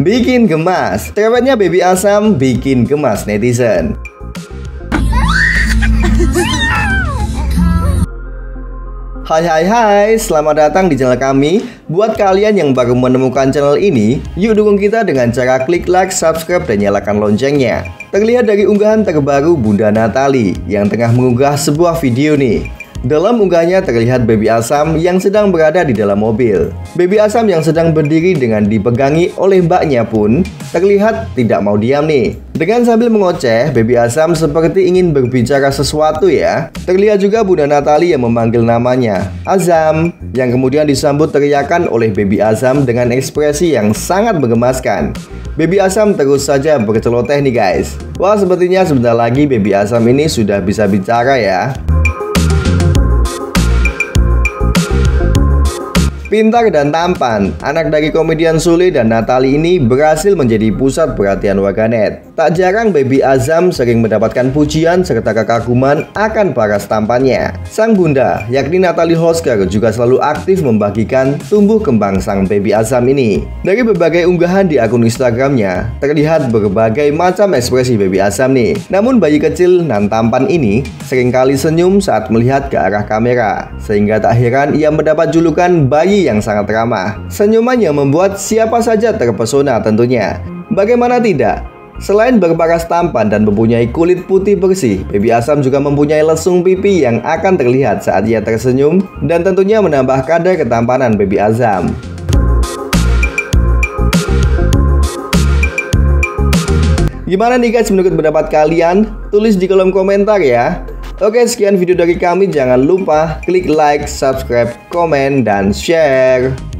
Bikin gemas Ceweknya Baby Asam bikin gemas netizen Hai hai hai, selamat datang di channel kami Buat kalian yang baru menemukan channel ini Yuk dukung kita dengan cara klik like, subscribe, dan nyalakan loncengnya Terlihat dari unggahan terbaru Bunda Natali Yang tengah mengunggah sebuah video nih dalam unggahannya terlihat Baby Asam yang sedang berada di dalam mobil. Baby Asam yang sedang berdiri dengan dipegangi oleh mbaknya pun terlihat tidak mau diam nih. Dengan sambil mengoceh, Baby Asam seperti ingin berbicara sesuatu ya. Terlihat juga Bunda Natali yang memanggil namanya, Azam, yang kemudian disambut teriakan oleh Baby Azam dengan ekspresi yang sangat menggemaskan. Baby Asam terus saja berceloteh nih guys. Wah, sepertinya sebentar lagi Baby Asam ini sudah bisa bicara ya. Pintar dan tampan, anak dari komedian Sule dan Natali ini berhasil menjadi pusat perhatian warganet. Tak jarang Baby Azam sering mendapatkan pujian serta kekaguman akan para tampannya. Sang bunda, yakni Natali Hosker juga selalu aktif membagikan tumbuh kembang sang Baby Azam ini. Dari berbagai unggahan di akun Instagramnya, terlihat berbagai macam ekspresi Baby Azam nih. Namun bayi kecil dan tampan ini seringkali senyum saat melihat ke arah kamera, sehingga tak heran ia mendapat julukan bayi yang sangat ramah. Senyumannya membuat siapa saja terpesona tentunya. Bagaimana tidak? Selain berparas tampan dan mempunyai kulit putih bersih, Baby Asam juga mempunyai lesung pipi yang akan terlihat saat ia tersenyum dan tentunya menambah kadar ketampanan Baby Azam. Gimana nih guys menurut pendapat kalian? Tulis di kolom komentar ya. Oke, sekian video dari kami. Jangan lupa klik like, subscribe, komen, dan share.